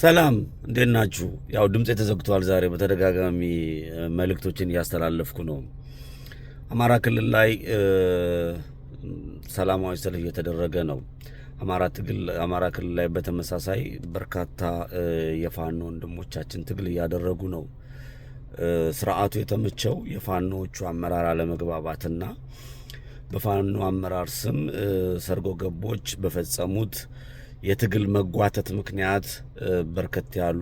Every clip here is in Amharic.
ሰላም እንዴት ናችሁ? ያው ድምፄ ተዘግቷል። ዛሬ በተደጋጋሚ መልእክቶችን እያስተላለፍኩ ነው። አማራ ክልል ላይ ሰላማዊ ሰልፍ እየተደረገ ነው። አማራ ትግል አማራ ክልል ላይ በተመሳሳይ በርካታ የፋኖ ወንድሞቻችን ትግል እያደረጉ ነው። ስርዓቱ የተመቸው የፋኖዎቹ አመራር አለመግባባትና በፋኖ አመራር ስም ሰርጎ ገቦች በፈጸሙት የትግል መጓተት ምክንያት በርከት ያሉ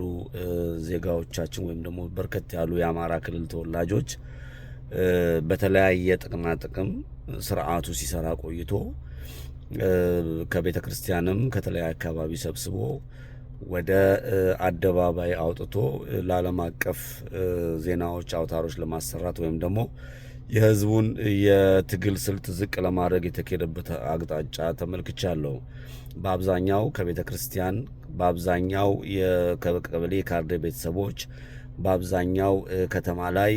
ዜጋዎቻችን ወይም ደግሞ በርከት ያሉ የአማራ ክልል ተወላጆች በተለያየ ጥቅማ ጥቅም ስርዓቱ ሲሰራ ቆይቶ ከቤተ ክርስቲያንም ከተለያየ አካባቢ ሰብስቦ ወደ አደባባይ አውጥቶ ለዓለም አቀፍ ዜናዎች አውታሮች ለማሰራት ወይም ደግሞ የህዝቡን የትግል ስልት ዝቅ ለማድረግ የተካሄደበት አቅጣጫ ተመልክቻለሁ። በአብዛኛው ከቤተ ክርስቲያን፣ በአብዛኛው ከቀበሌ ካርዴ ቤተሰቦች፣ በአብዛኛው ከተማ ላይ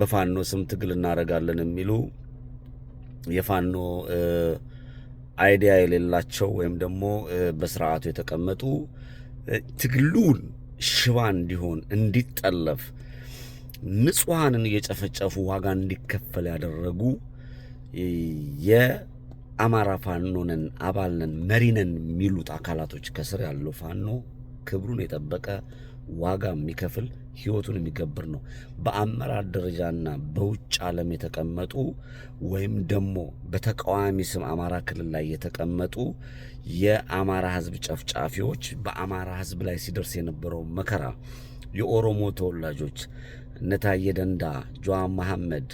በፋኖ ስም ትግል እናደርጋለን የሚሉ የፋኖ አይዲያ የሌላቸው ወይም ደግሞ በስርዓቱ የተቀመጡ ትግሉን ሽባ እንዲሆን እንዲጠለፍ ንጹሐንን እየጨፈጨፉ ዋጋ እንዲከፈል ያደረጉ የአማራ ፋኖ ነን አባል ነን መሪ ነን የሚሉት አካላቶች ከስር ያለው ፋኖ ክብሩን የጠበቀ ዋጋ የሚከፍል ህይወቱን የሚገብር ነው። በአመራር ደረጃና በውጭ ዓለም የተቀመጡ ወይም ደግሞ በተቃዋሚ ስም አማራ ክልል ላይ የተቀመጡ የአማራ ህዝብ ጨፍጫፊዎች በአማራ ህዝብ ላይ ሲደርስ የነበረው መከራ የኦሮሞ ተወላጆች እነ ደንዳ፣ ጀዋር መሐመድ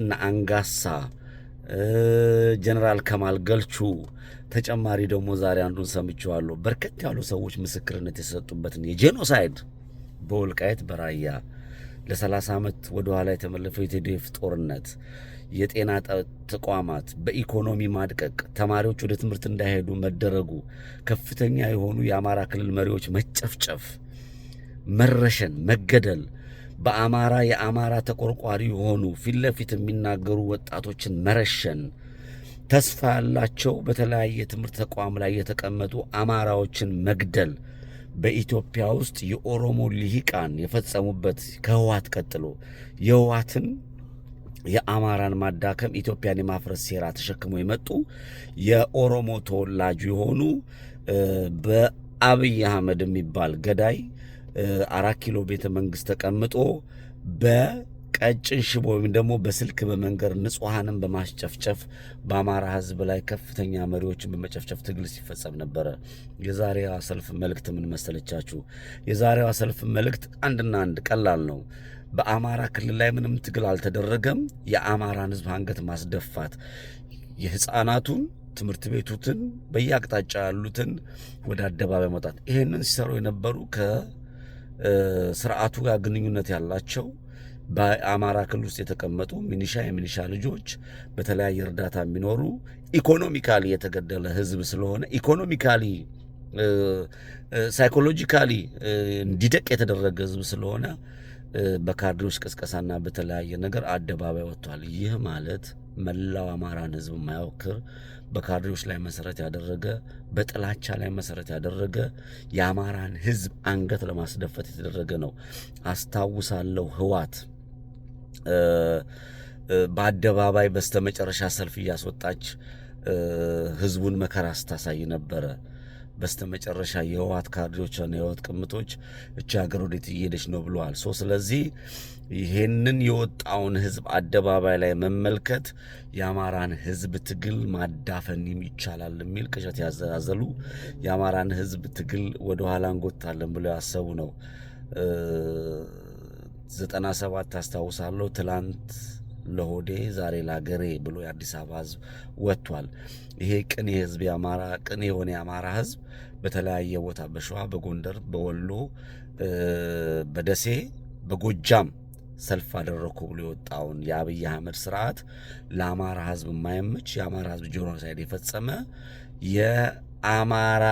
እነ አንጋሳ ጀነራል ከማል ገልቹ ተጨማሪ ደግሞ ዛሬ አንዱን ሰምቼዋለሁ። በርከት ያሉ ሰዎች ምስክርነት የተሰጡበትን የጄኖሳይድ በወልቃየት በራያ ለ30 ዓመት ወደ ኋላ የተመለፈው የቴዴፍ ጦርነት፣ የጤና ተቋማት በኢኮኖሚ ማድቀቅ፣ ተማሪዎች ወደ ትምህርት እንዳይሄዱ መደረጉ፣ ከፍተኛ የሆኑ የአማራ ክልል መሪዎች መጨፍጨፍ መረሸን፣ መገደል በአማራ የአማራ ተቆርቋሪ የሆኑ ፊት ለፊት የሚናገሩ ወጣቶችን መረሸን፣ ተስፋ ያላቸው በተለያየ ትምህርት ተቋም ላይ የተቀመጡ አማራዎችን መግደል በኢትዮጵያ ውስጥ የኦሮሞ ልሂቃን የፈጸሙበት ከህወሓት ቀጥሎ የህወሓትን የአማራን ማዳከም ኢትዮጵያን የማፍረስ ሴራ ተሸክሞ የመጡ የኦሮሞ ተወላጅ የሆኑ በአብይ አህመድ የሚባል ገዳይ አራት ኪሎ ቤተ መንግስት ተቀምጦ በቀጭን ሽቦ ወይም ደግሞ በስልክ በመንገር ንጹሐንን በማስጨፍጨፍ በአማራ ህዝብ ላይ ከፍተኛ መሪዎችን በመጨፍጨፍ ትግል ሲፈጸም ነበረ። የዛሬዋ ሰልፍ መልእክት ምን መሰለቻችሁ? የዛሬዋ ሰልፍ መልእክት አንድና አንድ ቀላል ነው። በአማራ ክልል ላይ ምንም ትግል አልተደረገም። የአማራን ህዝብ አንገት ማስደፋት የህፃናቱን ትምህርት ቤቱትን በየአቅጣጫ ያሉትን ወደ አደባባይ መውጣት ይህንን ሲሰሩ የነበሩ ከ ስርዓቱ ጋር ግንኙነት ያላቸው በአማራ ክልል ውስጥ የተቀመጡ ሚኒሻ የሚኒሻ ልጆች በተለያየ እርዳታ የሚኖሩ ኢኮኖሚካሊ የተገደለ ህዝብ ስለሆነ ኢኮኖሚካሊ ሳይኮሎጂካሊ እንዲደቅ የተደረገ ህዝብ ስለሆነ በካድሬዎች ቅስቀሳና በተለያየ ነገር አደባባይ ወጥቷል። ይህ ማለት መላው አማራን ህዝብ የማያወክር በካድሬዎች ላይ መሰረት ያደረገ በጥላቻ ላይ መሰረት ያደረገ የአማራን ህዝብ አንገት ለማስደፈት የተደረገ ነው። አስታውሳለሁ ህዋት በአደባባይ በስተመጨረሻ ሰልፍ እያስወጣች ህዝቡን መከራ ስታሳይ ነበረ። በስተ በስተመጨረሻ የህወሓት ካድሬዎችና የህወሓት ቅምቶች እቺ ሀገር ወዴት እየሄደች ነው ብለዋል። ሶ ስለዚህ ይሄንን የወጣውን ህዝብ አደባባይ ላይ መመልከት የአማራን ህዝብ ትግል ማዳፈን ይቻላል የሚል ቅዠት ያዘዛዘሉ የአማራን ህዝብ ትግል ወደኋላ እንጎታለን ብለው ያሰቡ ነው። ዘጠና ሰባት ታስታውሳለሁ ትላንት ለሆዴ ዛሬ ለአገሬ ብሎ የአዲስ አበባ ህዝብ ወጥቷል። ይሄ ቅን የህዝብ የአማራ ቅን የሆነ የአማራ ህዝብ በተለያየ ቦታ በሸዋ፣ በጎንደር፣ በወሎ፣ በደሴ፣ በጎጃም ሰልፍ አደረግኩ ብሎ የወጣውን የአብይ አህመድ ስርዓት ለአማራ ህዝብ የማይመች የአማራ ህዝብ ጄኖሳይድ የፈጸመ የአማራ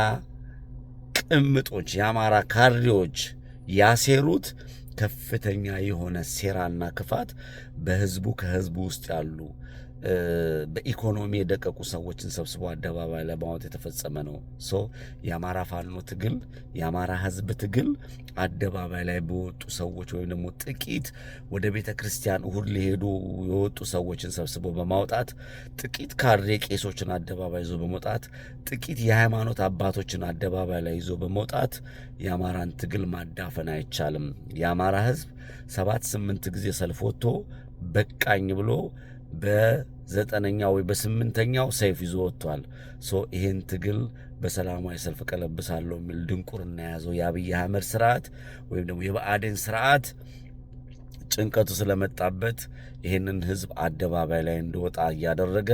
ቅምጦች የአማራ ካድሬዎች ያሴሩት ከፍተኛ የሆነ ሴራና ክፋት በህዝቡ ከህዝቡ ውስጥ ያሉ በኢኮኖሚ የደቀቁ ሰዎችን ሰብስቦ አደባባይ ለማወት የተፈጸመ ነው። ሶ የአማራ ፋኖ ትግል፣ የአማራ ህዝብ ትግል አደባባይ ላይ በወጡ ሰዎች ወይም ደግሞ ጥቂት ወደ ቤተ ክርስቲያን እሁድ ሊሄዱ የወጡ ሰዎችን ሰብስቦ በማውጣት ጥቂት ካድሬ ቄሶችን አደባባይ ይዞ በመውጣት ጥቂት የሃይማኖት አባቶችን አደባባይ ላይ ይዞ በመውጣት የአማራን ትግል ማዳፈን አይቻልም። የአማራ ህዝብ ሰባት ስምንት ጊዜ ሰልፍ ወጥቶ በቃኝ ብሎ በዘጠነኛው ወይ በስምንተኛው ሰይፍ ይዞ ወጥቷል። ይህን ትግል በሰላማዊ ሰልፍ ቀለብሳለሁ የሚል ድንቁርና የያዘው የአብይ አህመድ ስርዓት ወይም ደግሞ የብአዴን ስርዓት ጭንቀቱ ስለመጣበት ይህንን ህዝብ አደባባይ ላይ እንደወጣ እያደረገ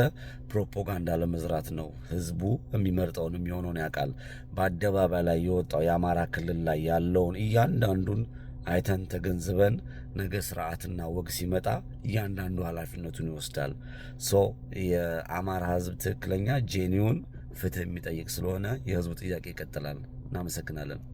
ፕሮፓጋንዳ ለመዝራት ነው። ህዝቡ የሚመርጠውን የሚሆነውን ያውቃል። በአደባባይ ላይ የወጣው የአማራ ክልል ላይ ያለውን እያንዳንዱን አይተን ተገንዝበን ነገ ስርዓትና ወግ ሲመጣ እያንዳንዱ ኃላፊነቱን ይወስዳል። ሶ የአማራ ህዝብ ትክክለኛ ጄኒውን ፍትህ የሚጠይቅ ስለሆነ የህዝቡ ጥያቄ ይቀጥላል። እናመሰግናለን።